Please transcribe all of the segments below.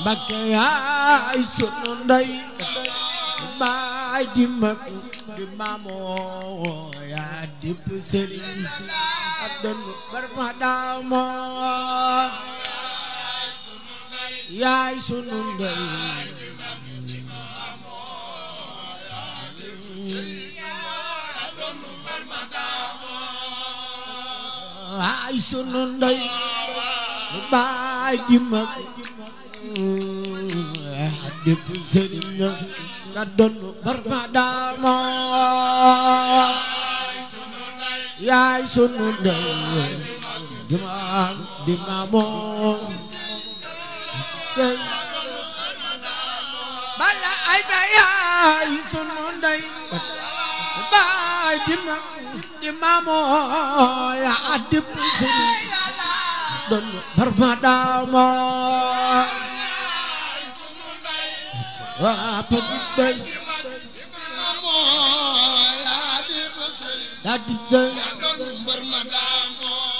Mbakke yaay sunu ndey baay di mag di maamoo yaa di sëriñ ak doon bar ma daamoo yaay sunu ndey yaay sunu ndey baay di mag dëpp sëriñ na nga doon barmadaama yaay sunu ndey dimaam dimaamoo bala ay ta yaay sunu ndey baay dimaamoo yaa dëpp sëriñ doon barmadaama waa toog bay daa di jël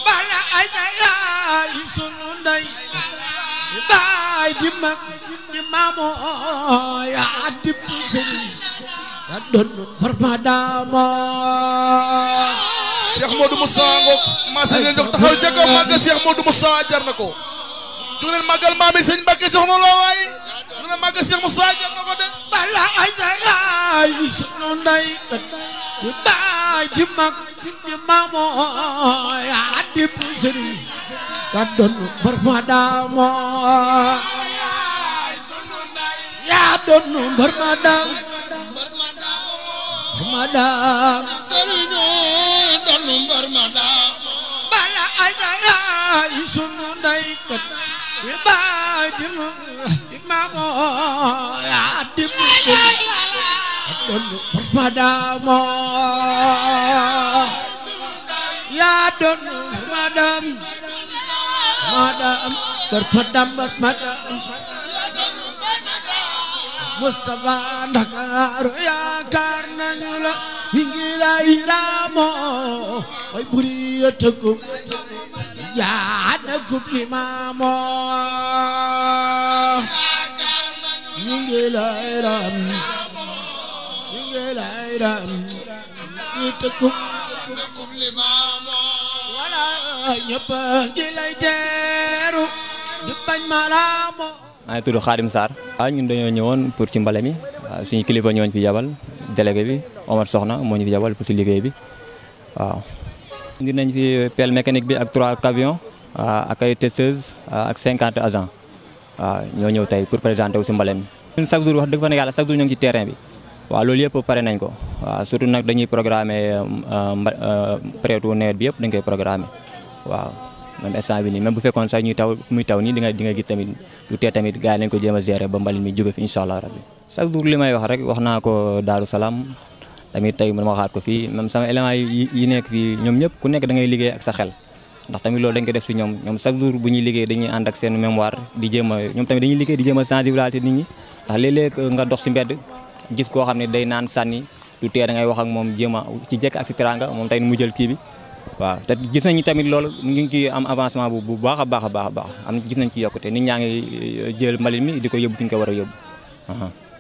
bala ay na yaay sunu ndey baay di mag di maamoo yaa di sëriñ yaa doon mbër ma daamoo Cheikh Modou Moussa ngoog maa si leen jox taxaw ca kaw màgg Cheikh Modou Moussa jar na ko jóg leen màggal maam yi sëñ Mbacke soxna loo waay na màgg Cheikh Moussa jël na ko de bala ay ay sunu nday di baay di mag di maamo ya di pusiri ka doon barmadamo ya doon barmadam barmadam sëriñu doon barmadam bala ay ay sunu nday di baay di mag mamoo yaa dimbali doonu madamo yaa doonu madam madam barpadam barpadam Mustafa Ndakaaru yaakaar nañu la ingila iramo way buri yetugum yaa nagum limamo ram ñi ngi teeru di bañ malaamu maa tudd Xaadim Sarr waaw ah, ñun dañoo ñëwoon pour ci mbale mi waaw ah, suñu kilifa ñooñ fi yabal délégué bi Omar Soxna moo ñu fi yabal pour ci liggéey bi waaw indi nañ fi pelle mécanique bi ak trois camions ah, ak ay testeuses ak cinquante agents waaw ñoo ñëw tey pour présenter wu si mbale ñun chaque jour wax dëgg fa ne yàlla chaque jour ñu ngi ci terrain bi waaw loolu yëpp pare nañ ko waaw surtout nag dañuy programmer euh, euh, prétu nawet bi yëpp dañ koy programmer waaw même instant bi nii même bu fekkoon sax ñuy taw muy taw nii di nga di nga gis tamit lu tee tamit gaa yi nañ ko jéem a gérer ba mbalit mi jóge fi incha allah rabbi chaque jour li may wax rek wax naa ko Daaru Salaam tamit tey ma waxaat ko fii même sama éléments yi nekk fii ñoom ñëpp ku nekk da ngay liggéey ak sa xel ndax tamit loolu dañ def si ñoom ñoom chaque jour bu ñuy liggéey dañuy ànd ak seen mémoire di jéem a ñoom tamit dañuy liggéey di jéem a sensibiliser nit ñi ndax léeg-léeg nga dox si mbedd gis koo xam ne day naan sànni du tee da ngay wax ak moom jéem a ci jekk ak si moom tamit mu jël kii bi waaw te gis nañu tamit loolu ñu ngi ciy am avancement bu bu baax a baax a baax a baax am gis nañ ci yokkute nit ñaa ngi euh, jël mbalit mi di ko yóbbu fi ñu ko war a yóbbu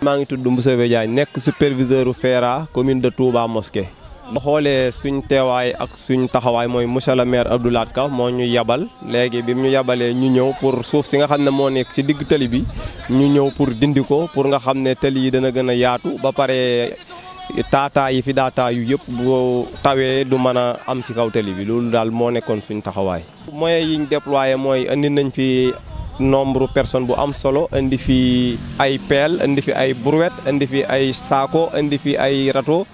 maa ngi tudd Moussa Diagne nekk superviseur u FERA commune de Touba Mosquée ba xoolee suñ teewaay ak suñ taxawaay mooy monsieur le maire Abdou Lahad Ka moo ñu yabal léegi bi ñu yabalee ñu ñëw pour suuf si nga xam ne moo nekk ci digg tali bi ñu ñëw pour dindi ko pour nga xam ne tali yi dana gën a yaatu ba pare taataa yi fi daataa yu yëpp boo tawee du mën a am si kaw tali bi loolu daal moo nekkoon suñ taxawaay. moyens yi ñu déployé mooy indi nañ fi. nombre personne bu am solo indi fi ay peel indi fi ay brouette indi fi ay saako indi fi ay râteau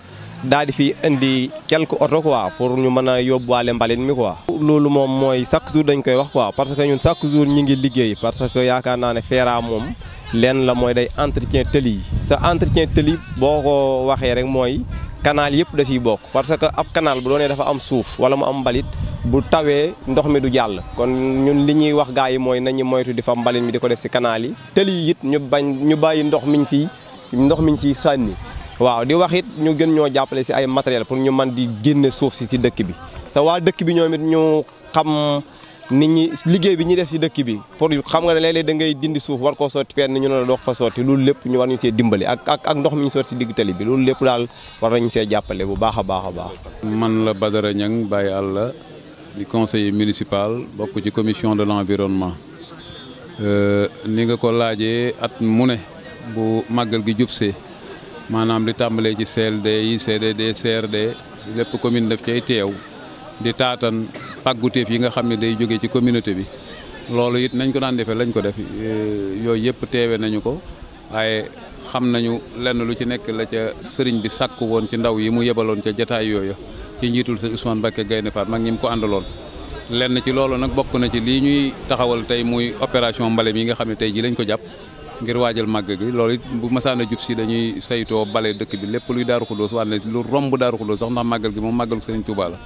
daal di fi indi quelques oto quoi pour ñu mën a yóbbuwaale mbalit mi quoi. loolu moom mooy chaque jour dañ koy wax quoi parce que ñun chaque jour ñi ngi liggéey parce que yaakaar naa ne Feera moom lenn la mooy day entretien tëli yi. sa entretien tëli boo ko waxee rek mooy kanaal yëpp da ciy bokk parce que ab kanaal bu doonee dafa am suuf wala mu am mbalit. bu tawee ndox mi du jàll kon ñun li ñuy wax gaa yi mooy nañu moytu di fa mbalit mi di ko def ci kanaal yi tëli yi it ñu bañ ñu bàyyi ndox miñ ci ndox miñ ciy sànni waaw di wax it ñu gën ñoo jàppale si ay matériel pour ñu man di génne suuf si si dëkk bi sa waa dëkk bi ñoom it ñu xam nit ñi liggéey bi ñuy def si dëkk bi pour xam nga ne léeg da ngay dindi suuf war koo sotti fenn ñu ne la dox fa sotti loolu lépp ñu war ñu see dimbali ak ak ndox mi ñu sotti si digg tali bi loolu lépp daal war nañu see jàppale bu baax a baax a baax. man la Badara Niang Baye Alla di conseiller municipal bokk ci commission de l'environnement euh, ni nga ko laajee at mu ne bu màggal gi jub see maanaam li tàmbalee ci CLD yi CDD CRD lépp commune def cay teew di taatan pàgguteef yi nga xam ne day jóge ci communauté bi loolu it nañ ko daan defee lañ ko def eh, yooyu yëpp teewe nañu ko waaye xam nañu lenn lu ci nekk la ca sëriñ bi sàkk woon ci ndaw yi mu yebaloon ca jataay yooyu ci njiitul sëñ Ousmane Mbacké Gaynde Faat mag ñi mu ko àndaloon lenn ci loolu nag bokk na ci lii ñuy taxawal tey muy opération mbale yi nga xam ne tey ji lañ ko jàpp ngir waajal màgg gi loolu it bu masaan a si dañuy saytoo bale dëkk bi lépp luy daaru xudóos walla lu romb daaru xudóos sax ndax màggal gi moom màggalu Sëriñ Tuuba la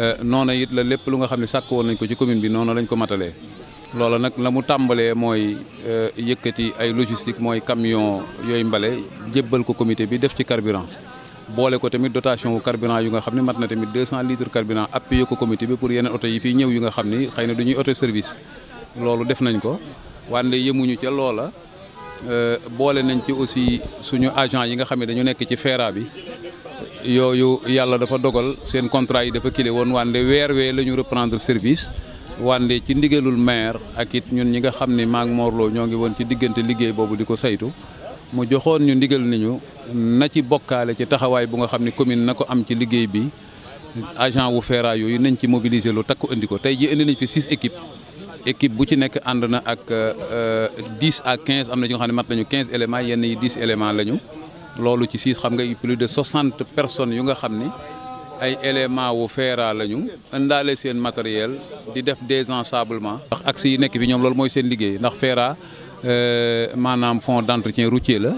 eh, noona it la lépp lu nga xam ne sàkk woon nañ ko ci commune bi noonu lañ ko matalee loola nag la mu tàmbalee mooy eh, yëkkati ay logistique mooy camion yooyu mbale jébbal ko comité bi def ci carburant boole ko tamit dotation wu carburant yu nga xam ne mat na tamit 200 litres carburant appuyé ko comité bi pour yeneen oto yi ni xëy na du ñuy oto service loolu def nañ ko wante yemuñu ca loola Euh, boole nañ ci aussi suñu agent yi nga xam ne dañu nekk ci feera bi yooyu yàlla dafa dogal seen contrat yi dafa kile woon wande weer wee la ñu reprendre service wande ci ndigalul maire ak it ñun ñi nga xam ne maak Morlo ñoo ngi woon ci diggante liggéey boobu di ko saytu mu joxoon ñu ndigal nañu na ci bokkaale ci taxawaay bu nga xam ne commune na ko am ci liggéey bi agent wu feera yooyu nañ ci mobiliser lu takku indi ko tey ji indi nañ fi six équipes équipe bu ci nekk ànd na ak 10 euh, a quinze am na ñoo xam ne mat nañu quinze éléments yenn yi 10 éléments lañu loolu ci siis xam nga plus de 60 personnes yu nga xam ni ay éléments wu feera lañu indaale seen matériel di def désensablement. ndax axes yi nekk fi ñoom loolu mooy seen liggéey ndax feera euh, maanaam fond d'entretien routier la.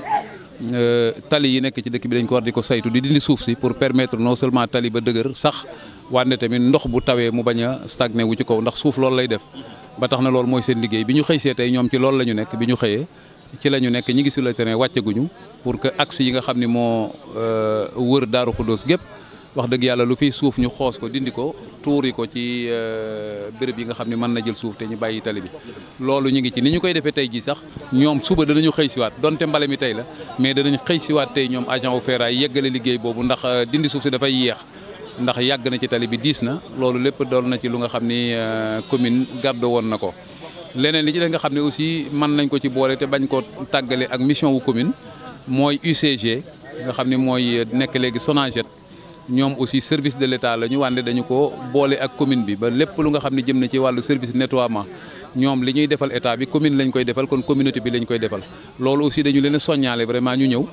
Euh, tali yi nekk ci dëkk bi dañ ko war di ko saytu di dindi suuf si pour permettre non seulement tali ba dëgër sax wante tamit ndox bu tawee mu bañ a stagné wu ci kaw ndax suuf loolu lay def ba tax na loolu mooy seen liggéey bi ñu xëy see tey ñoom ci loolu la nekk bi ñu xëyee ci la ñu nekk ñi ngi sur le terrain wàcceguñu pour que axe yi nga xam ni moo euh, wër Daaru Xuddoos gépp wax dëgg yàlla lu fi suuf ñu xoos ko dindi ko tuuri ko ci euh, bërëb yi nga xam ne mën na jël suuf te ñu bàyyi tali bi loolu ñu ngi ci ni ñu koy defee tey jii sax ñoom suba danañu xëy siwaat donte mbale mi tey la mais danañ xëy siwaat tey ñoom agent wu feeraay yeggale liggéey boobu ndax euh, dindi suuf si dafay yéex ndax yàgg na ci tali bi diis na loolu lépp dool na ci lu nga xam ni euh, commune gàddu woon na ko leneen li ci leen nga xam ne aussi mën nañ ko ci boole te bañ koo tàggale ak mission wu commune mooy UCG nga xam ni mooy nekk léegi Sonaged ñoom aussi service de l'État la ñu wànde dañu ko boole ak commune bi ba lépp lu nga xam ne jëm na ci wàllu service nettoiement ñoom li ñuy defal état bi commune lañ koy defal kon communauté bi lañ koy defal loolu aussi dañu leen soññaale vraiment ñu ñëw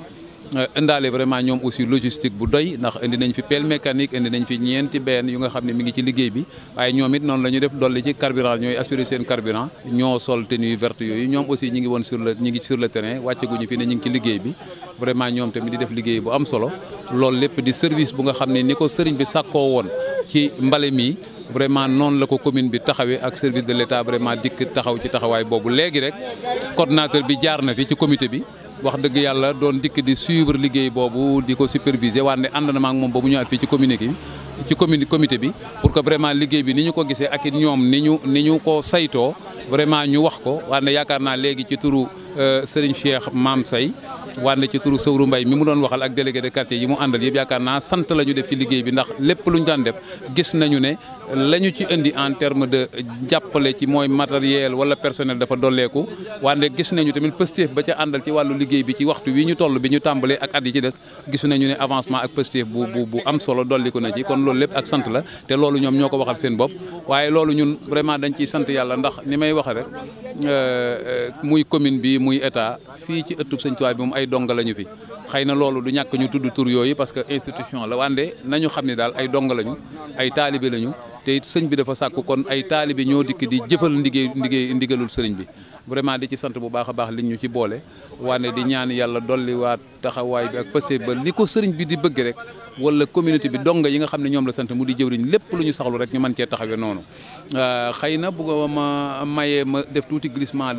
Euh, indaale vraiment ñoom aussi logistique bu doy ndax indi nañ fi pelle mécanique indi nañ fi ñeenti benn yu nga xam ne mi ngi ci liggéey bi waaye ñoom it noonu la ñu def dolli ci carburant ñooy assurer seen carburant ñoo sol tenue verte yooyu ñoom aussi ñi ngi woon sur le ñi ngi sur le terrain wàcceguñu fi ne ñu ngi ci liggéey bi vraiment ñoom tamit di def liggéey bu am solo loolu lépp di service bu nga xam ne ni ko sëriñ bi sàkkoo woon ci mbale mi vraiment noonu la ko commune bi taxawee ak service de l'état dikk taxaw ci taxawaay boobu léegi rek coordonnateur bi jaar na fi ci comité bi wax dëgg yàlla doon dikk di suivre liggéey boobu di ko superviser wante ànd na ma moom ba mu ñëwaat fii ci commune bi ci commune comité bi pour que vraiment liggéey bi ni ñu ko gisee ak it ñoom ni ñu ni ñu ko saytoo vraiment ñu wax ko wante yaakaar naa léegi ci turu euh, Serigne Cheikh Mame Say wànde ci turu Sowru Mbay mi mu doon waxal ak délégué de quartier yi mu àndal yëpp yaakaar naa sant la def ci liggéey bi ndax lépp lu daan def gis nañu ne la ci indi en terme de jàppale ci mooy matériel wala personnel dafa dolleeku wànde gis nañu tamit positif ba ca àndal ci wàllu liggéey bi ci waxtu wi ñu toll bi ñu tàmbalee ak at yi ci des gis nañu ne avancement ak positif bu bu bu am solo dolliku na ci kon loolu lépp ak sant la te loolu ñoom ñoo ko waxal seen bopp waaye loolu ñun vraiment dañ ni may euh, euh, commune bi muy état ay donga lañu fi xëy na loolu du ñàkk ñu tudd tur yooyu parce que institution la wande nañu xam ne daal ay donga lañu ay taalibe lañu te sëñ bi dafa sàkk kon ay taalibe ñoo dikk di jëfal ndigalul sëriñ bi vraiment di ci sant bu baax a baax li ñu ci boole wane di ñaan yàlla dolliwaat taxawaay bi ak passé ba li ko sëriñ bi di bëgg rek wala communauté bi dong yi nga xam ne ñoom la sant mu di jëwriñ lépp lu ñu saxlu rek ñu mën cee taxawee noonu. Euh, xëy ma mayee ma def tuuti glissement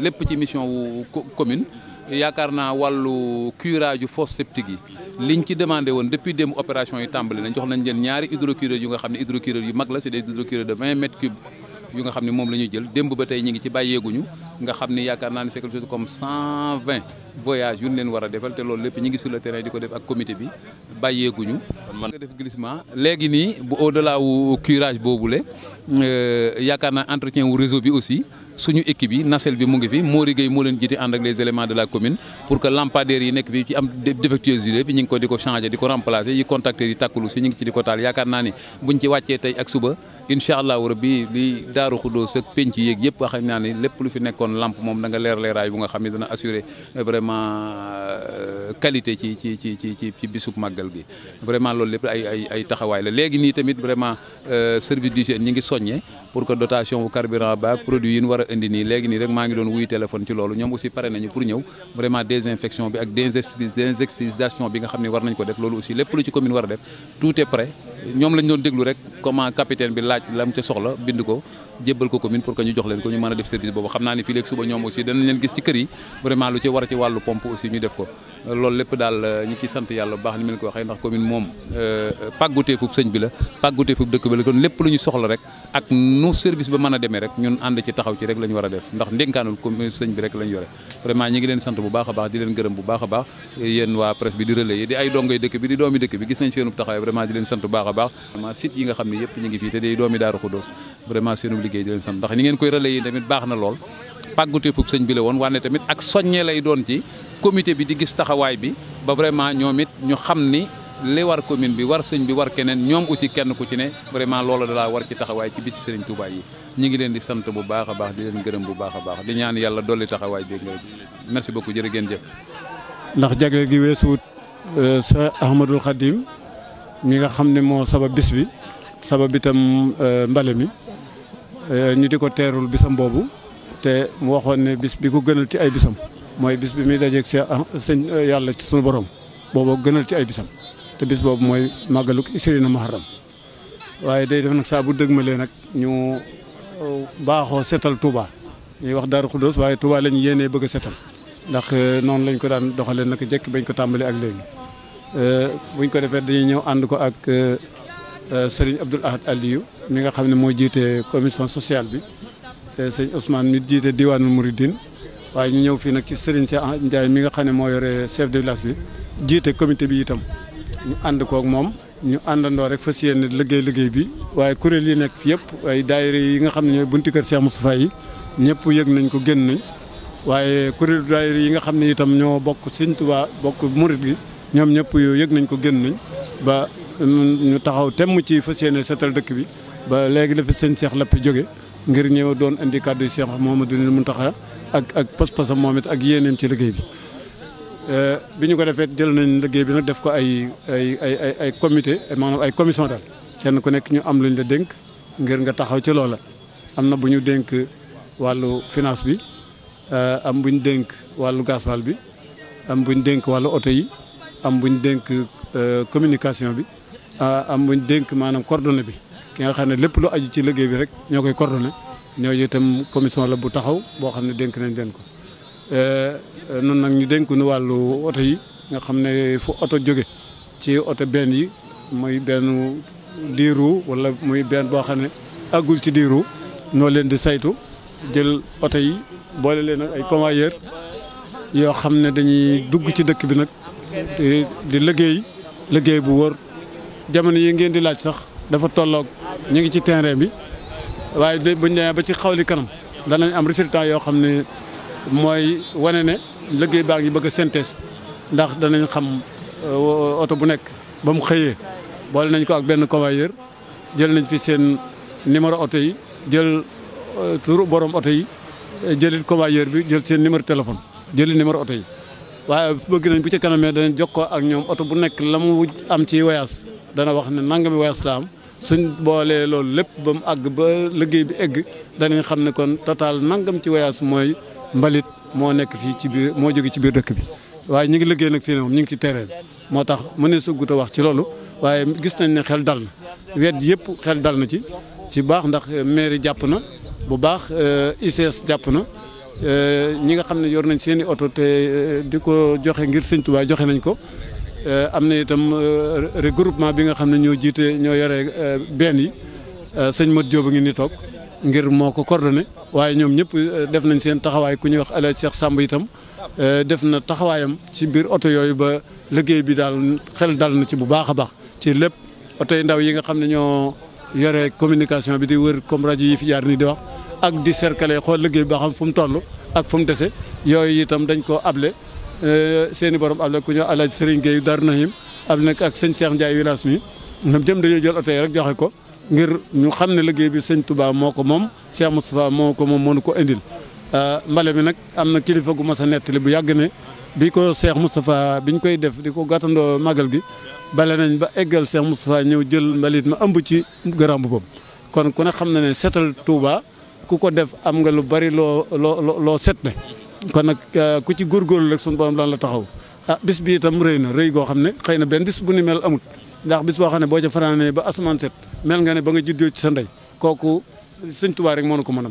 yaakaar naa wàllu curage yu fosse septique yi liñ ci demande woon depuis démb opération yi tàmbali nañ jox nañ leen ñaari hydrocureur yu nga xam ne hydrocureur yu mag la c'est des hydrocureur de 20 mètres cubes yu nga xam ne moom la ñuy jël démb ba tey ñi ngi ci bàyyeeguñu nga xam ni yaakaar naa ne c'est quelque chose comme 120 voyages yu ñu leen war a defal te loolu lépp ñi ngi sur le terrain di ko def ak comité bi bàyyeeguñu. man nga def glissement léegi nii bu au delà wu curage boobule euh, yaakaar naa entretien wu réseau bi aussi. suñu équipe yi nasel bi mu ngi fi Mori Gueye moo leen jiite ànd ak les éléments de la commune pour que lampadaires yi nekk fi ci am défectueuse yi bi ñu ngi ko di ko changé di ko remplacé yi contacteurs yi tàkkulu si ñu ngi ci di ko taal yaakaar naa ni buñ ci wàccee tey ak suba incha allahu rabbi li daaru xuddoos ak penc yeeg yëpp wax naa ni lépp lu fi nekkoon lamp moom da leer leeraay bu nga xam ne dana assurer euh, vraiment euh, qualité ci ci ci ci ci bisub màggal gi. vraiment loolu lépp ay ay ay taxawaay la léegi nii tamit vraiment euh, service d'hygiène ñi ngi soññee. pour que dotation wu carburant ba produit yi ñu war a indi nii léegi nii rek maa ngi doon wuy téléphone ci loolu ñoom aussi pare nañu pour ñëw vraiment désinfection bi ak désinsectisation bi nga xam ne war nañ ko def loolu aussi lépp lu ci commune war a def tout est prêt ñoom lañ doon déglu rek comment capitaine bi laaj lam ca soxla bind ko jébbal ko commune pour que ñu jox leen ko ñu mën a def service boobu xam naa ne fii leen gis ci kër yi vraiment lu ci war ci wàllu pompe aussi ñu def ko loolu lépp daal euh, yàlla bu baax ni mel ko waxee ndax commune moom euh, pàggutee bi la pàggutee fub dëkk bi la kon lépp ñu soxla rek ak nu service ba mën a demee rek ñun ànd ci taxaw ci rek la ñu war a def ndax ndénkaanul commune sëñ bi rek la ñu yore vraiment ñi ngi leen sant bu baax a baax di leen gërëm bu baax a baax yéen waa presse bi di relais yi di ay dongay dëkk bi di doomi dëkk bi gis nañ seenu a baax site yi nga te di doomi daaru xudóos vraiment seenu liggéey di leen sant ndax ni ngeen koy relais yi tamit baax na lool pàggute foofu sëñ bi la woon wane tamit ak soññee lay doon ci comité bi di gis taxawaay bi ba vraiment ñoom it ñu xam ni li war commune bi war sëñ bi war keneen ñoom aussi kenn ku ci ne vraiment loolu dalaa war ci taxawaay ci bis sëriñ Touba yi ñu ngi leen di sant bu baax a baax di leen gërëm bu baax a baax di ñaan yàlla dolli taxawaay bi merci beaucoup jërë ngeen jëf ndax jagleel gi weesuwut euh, sa Ahmadul Khadim mi nga xam ne moo sabab bis bi sabab itam euh, mbale mi Euh, ñu di ko teerul bisam boobu te mu waxoon ne bis bi ko gënal ci ay bisam mooy bis bi muy dajeeg see sëñ euh, yàlla ci sunu borom booboo gënal ci ay bisam te bis boobu mooy màggaluk isrina muharram waaye day def nag saa bu dëgmalee nag ñu euh, baaxoo setal Touba ñuy wax Darou Khoudoss waaye Touba lañ yéenee bëgg setal ndax noonu lañ ko daan doxalee nag jekk bañ ko tàmbali ak léegi buñ ko defee dañuy ñëw ànd ko ak sëriñ Abdoul Ahad Aliou mi nga xam ne moo jiite commission sociale bi te sëñ Ousmane mi jiite diwaanul Mouridine waaye ñu ñëw fii nag ci Serigne Cheikh Ndiaye mi nga xam ne moo yore chef de village bi jiite comité bi itam ñu ànd kook moom ñu àndandoo rek fas yéene liggéey liggéey bi waaye kuréel yi nekk fi yëpp ay daayira yi nga xam ne ñooy bunti kër Cheikh Moustapha yi ñëpp yëg nañ ko génn nañ waaye kuréel daayira yi nga xam ne itam ñoo bokk Sëñ Tuubaa bokk murit gi ñoom ñëpp yëg nañ ko génn nañ ba mm, ñu taxaw temm ci fas yéene setal dëkk bi ba léegi la fi sëñ Cheikh Lapp jóge ngir ñëw doon indi kàddu Cheikh Mouhamadou Mountakha ak ak pas-pasam moom it ak yéeneem ci liggéey bi. Euh, bi ñu ko defee jël nañ liggéey bi nag def ko ay ay ay ay comité maanaam ay commission daal kenn ku nekk ñu am luñ la dénk ngir nga taxaw ci loola am na bu ñu dénk wàllu finance bi euh, am bu ñu dénk wàllu gasoil bi am bu ñu dénk wàllu oto yi am bu ñu dénk euh, communication bi am bu ñu dénk maanaam coordonnée bi. ki nga xam ne lépp lu aju ci liggéey bi rek ñoo koy coordonné ñooñu itam commission la bu taxaw boo xam ne dénk nañ leen ko noonu euh, euh, nag ñu dénk nu wàllu oto yi nga xam ne fu oto jóge ci oto benn yi muy benn diiru wala muy benn boo xam ne àggul ci diiru noo leen di saytu jël oto yi boole leen ak ay convoyeur yoo xam ne dañuy dugg ci dëkk bi nag di liggéey liggéey bu wër jamono yi ngeen di laaj sax dafa tollook ñu ngi ci terrain bi waaye bu ñu demee ba ci xawli kanam danañ am résultat yoo xam ne mooy wane ne liggéey baa ngi bëgg a synthèse ndax danañ xam euh, oto bu nekk ba mu xëyee boole nañ ko ak benn convoyeur jël nañ fi seen numéro oto yi jël euh, turu borom oto yi jëlit convoyeur bi jël seen numéro téléphone jëli numéro oto yi waaye bëgg nañ bu ci kanamee danañ jokkoo ak ñoom oto bu nekk la mu am ci voyage dana wax ne nangami voyage la am suñ boolee loolu lépp ba mu àgg ba liggéey bi egg danañ xam ne kon total nangam ci voyage mooy mbalit moo nekk fii ci biir moo jóge ci biir dëkk bi. waaye ñu ngi liggéey nag fii ne moom ñu ngi ci terrain moo tax mu ne a wax ci loolu waaye gis nañ ne xel dal na wet yëpp xel dal na ci ci baax ndax mairie jàpp na bu baax euh, ICS jàpp na. Euh, ñi nga xam ne yor nañ seen i oto te euh, di ko joxe ngir sëñtu Tuubaa joxe nañ ko Euh, am na itam euh, regroupement bi nga xam ne ñoo jiite ñoo yore euh, benn yi sëñ Modou Diop a ngi ni toog ngir moo ko coordonné waaye ñoom ñëpp def nañ seen taxawaay ku ñuy wax El Hadj sàmb Samb itam def na taxawaayam ci biir oto yooyu ba liggéey bi daal xel dal na ci bu baax a baax ci lépp oto yi ndaw yi nga xam ne ñoo yore communication bi di wër comme rajo yi fi jaar nii di wax ak di cercaler xool liggéey bi ba xam fu mu toll ak fu mu dese yooyu itam dañ koo able Euh, seen i borom àll ku ñëw alaaj Serigne Gueye Darou Nahim ab nag ak sëñ Cheikh Ndiaye village mi ñoom jëm dañoo jël oto rek joxe ko ngir ñu xam ne liggéey bi sëñ Touba moo ko moom Cheikh Moustapha moo ko moom mënu ko indil. Euh, mbale mi nag am na kilifa gu mas a nettali bu yàgg ne bi ko Cheikh Moustapha biñ koy def di ko gàttandoo magal gi bale nañ ba eggal Cheikh Moustapha ñëw jël mbalit ma ëmb ci garaam bu kon ku ne xam na ne setal Touba ku ko def am nga lu bari loo loo loo set ne kon nag euh, ku ci góorgóorlu rek suñu borom daan la taxaw ah bis bi itam rëy na rëy goo xam ne xëy na benn bis bu ni mel amut ndax bis boo xam ne boo ca fanaanee ba asamaan set nga ne ba nga juddoo ci sa ndey kooku sëñ Tuubaa rek moo ko mën a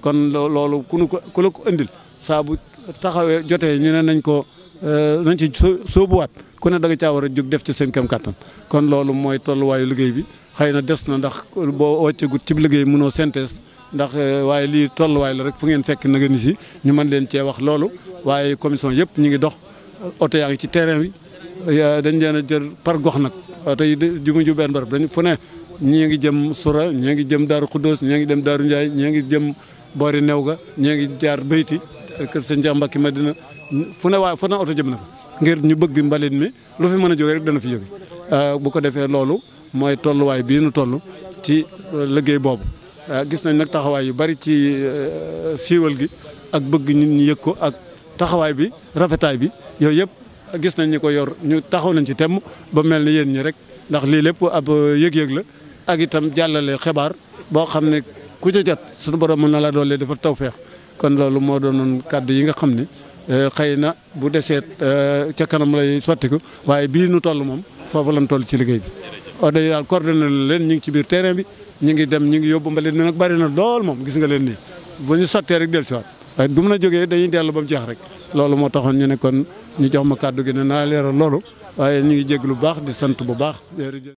kon loolu ku nu ko ku la ko indil saa bu taxawee jotee ñu ne nañ ko euh, nañ ci sóobuwaat ku ne danga caa war a jóg def ci seen kam kàttan kon loolu mooy tolluwaayu liggéey bi xëy na des na ndax boo wàcceegut ci liggéey mënoo synthèse ndax euh, waaye lii tolluwaay la rek fu ngeen fekk na si ñu man leen cee wax loolu waaye commission yëpp ñu ngi dox oto yaa ngi ci terrain bi dañ leen a jël par gox nag oto yi ju ju benn barab dañ fu ne ngi jëm Sura ñii ngi jëm Daaru Xuddoos ñii ngi jëm Daaru Ndiaye ñii ngi jëm Boori New ga ñii ngi jaar Béyti euh, kër Sëñ Cheikh Mbacke Madina fu ne waaye oto jëm na ngir ñu bëgg mbalit mi lu fi mën a jóge rek dana fi jóge euh, bu ko defee loolu mooy tolluwaay bii nu toll ci liggéey boobu Euh, gis nañ nag taxawaay yu bari ci euh, siiwal gi ak bëgg nit ñi yëg ko ak taxawaay bi rafetaay bi yooyu yëpp gis nañ ñi ko yor ñu taxaw nañ ci temm ba mel ni yéen ñi rek ndax lii lépp ab yëg-yëg la ak itam jàllale xibaar boo xam ne ku ci jot suñu borom mën na la doole dafa taw feex kon loolu moo doonoon kàddu yi nga xam ne euh, xëy na bu deseet ca kanam lay ko waaye bii nu toll moom foofu lañ toll ci liggéey bi. wax dëgg yàlla leen ñu ngi ci biir terrain bi. ñu ngi dem ñu ngi yóbbu mbalit mi nag bari na lool moom gis nga leen nii bu ñu sottee rek dellu si waat waaye du mën jógee dañuy dellu ba mu jeex rek loolu moo taxoon ñu ne kon ñu jox ma kàddu gi ne naa leeral loolu waaye ñu ngi jégg lu baax di sant bu baax